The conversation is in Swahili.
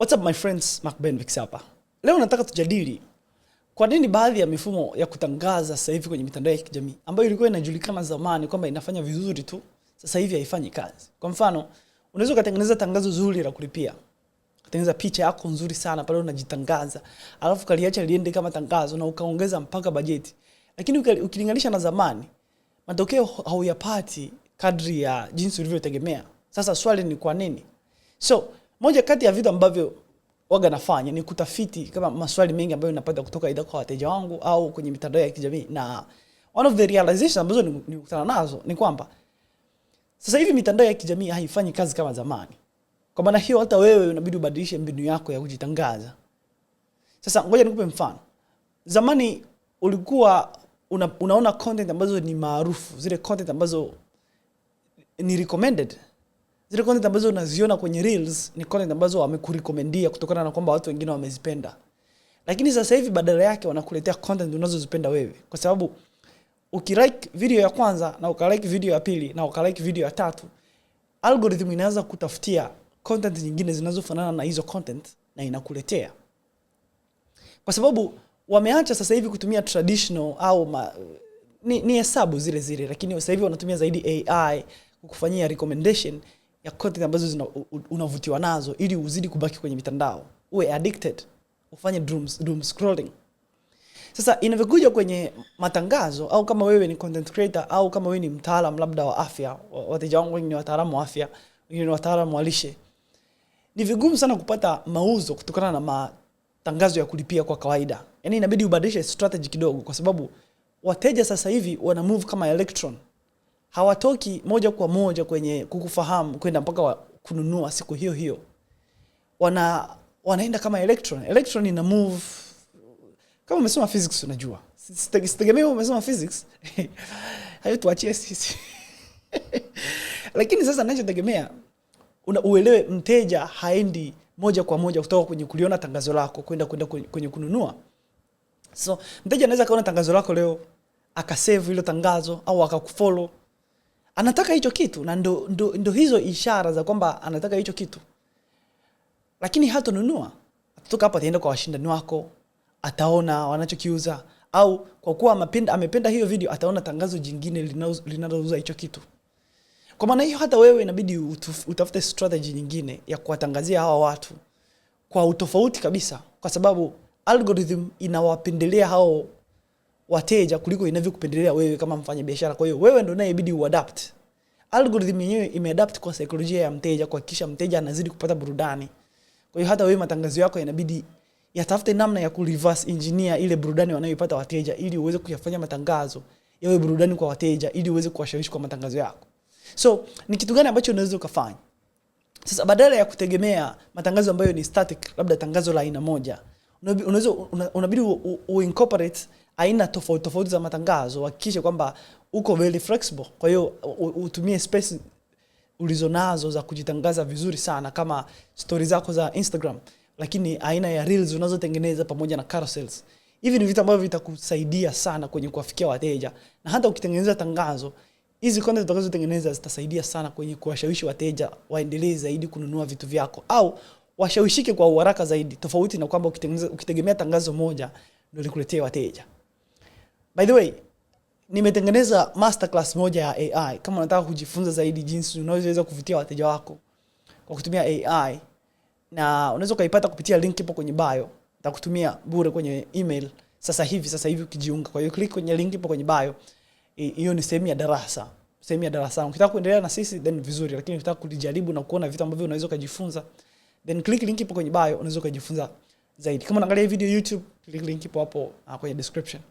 What's up my friends, Mark Benvix hapa. Leo nataka tujadili kwa nini baadhi ya mifumo ya kutangaza sasa hivi kwenye mitandao ya kijamii ambayo ilikuwa inajulikana zamani kwamba inafanya vizuri tu, sasa hivi haifanyi kazi. Kwa mfano, unaweza ukatengeneza tangazo zuri la kulipia. Kutengeneza picha yako nzuri sana pale unajitangaza, alafu kaliacha liende kama tangazo na ukaongeza mpaka bajeti. Lakini ukilinganisha na zamani, matokeo hauyapati kadri ya jinsi ulivyotegemea. Sasa swali ni kwa nini? So, moja kati ya vitu ambavyo waga nafanya ni kutafiti kama maswali mengi ambayo napata kutoka idha kwa wateja wangu au kwenye mitandao ya kijamii, na one of the realizations ambazo nikutana nazo ni kwamba sasa hivi mitandao ya kijamii haifanyi kazi kama zamani. Kwa maana hiyo, hata wewe unabidi ubadilishe mbinu yako ya kujitangaza. Sasa ngoja nikupe mfano. Zamani ulikuwa una, unaona content ambazo ni maarufu, zile content ambazo ni recommended zile content ambazo unaziona kwenye reels ni content ambazo wamekurekomendia kutokana na kwamba watu wengine wamezipenda. Lakini sasa hivi badala yake wanakuletea content unazozipenda wewe, kwa sababu ukilike video ya kwanza na ukalike video ya pili na ukalike video ya tatu, algorithm inaanza kutafutia content nyingine zinazofanana na hizo content na inakuletea, kwa sababu wameacha sasa hivi kutumia traditional au ma, ni, ni hesabu zile zile, lakini sasa hivi wanatumia zaidi AI kukufanyia recommendation ya content ambazo zina, unavutiwa nazo ili uzidi kubaki kwenye mitandao uwe addicted ufanye doom, doom scrolling sasa inavyokuja kwenye matangazo au kama wewe ni content creator au kama wewe ni mtaalam labda wa afya wateja wangu wengi ni wataalamu wa afya wengine ni wataalamu wa lishe ni vigumu sana kupata mauzo kutokana na matangazo ya kulipia kwa kawaida yaani inabidi ubadilishe strategy kidogo kwa sababu wateja sasa hivi wana move kama electron hawatoki moja kwa moja kwenye kukufahamu kwenda mpaka kununua siku hiyo hiyo, wana wanaenda kama electron. Electron ina move kama umesoma physics, unajua sitegemea umesoma physics hayo tuachie sisi lakini sasa nachotegemea uelewe, mteja haendi moja kwa moja kutoka kwenye kuliona tangazo lako kwenda kwenda kwenye kununua. So mteja anaweza kaona tangazo lako leo akasave hilo tangazo au akakufollow anataka hicho kitu na ndo, ndo, ndo hizo ishara za kwamba anataka hicho kitu, lakini hatonunua. Atatoka hapo ataenda kwa washindani wako, ataona wanachokiuza, au kwa kuwa amependa, amependa hiyo video ataona tangazo jingine linalouza hicho kitu. Kwa maana hiyo, hata wewe inabidi utafute strategy nyingine ya kuwatangazia hawa watu kwa utofauti kabisa, kwa sababu algorithm inawapendelea hao wateja kuliko inavyokupendelea wewe kama mfanya biashara Kwa hiyo wewe ndo unayebidi uadapt. Algorithm yenyewe imeadapt kwa saikolojia ya mteja kuhakikisha mteja anazidi kupata burudani. Kwa hiyo hata wewe matangazo yako yanabidi yatafute namna ya ku reverse engineer ile burudani wanayoipata wateja ili uweze kuyafanya matangazo yawe burudani kwa wateja ili uweze kuwashawishi kwa matangazo yako. So, ni kitu gani ambacho unaweza ukafanya? Sasa badala ya kutegemea matangazo ambayo ni static, labda tangazo la aina moja unaweza unabidi uincorporate aina tofauti tofauti za matangazo, hakikishe kwamba uko very flexible. Kwa hiyo utumie space ulizonazo za kujitangaza vizuri sana, kama stori zako za Instagram, lakini aina ya reels unazotengeneza pamoja na carousels. Hivi ni vitu ambavyo vitakusaidia sana kwenye kuwafikia wateja, na hata ukitengeneza tangazo hizi content utakazotengeneza zitasaidia sana kwenye kuwashawishi wateja waendelee zaidi kununua vitu vyako au washawishike kwa uharaka zaidi, tofauti na kwamba ukitegemea tangazo moja ndo likuletee wateja. By the way, nimetengeneza masterclass moja ya AI kama unataka kujifunza zaidi jinsi unavyoweza kuvutia wateja wako kwa kutumia AI, na unaweza ukaipata kupitia link ipo kwenye bayo takutumia bure kwenye email sasa hivi, sasa hivi ukijiunga. Kwa hiyo click kwenye link ipo kwenye bayo hiyo ni sehemu ya darasa, sehemu ya darasa. Ukitaka kuendelea na sisi then vizuri, lakini ukitaka kujaribu na kuona vitu ambavyo unaweza ukajifunza Then click link ipo kwenye bio, unaweza kujifunza zaidi. Kama unaangalia video YouTube, click link ipo hapo ah, kwenye description.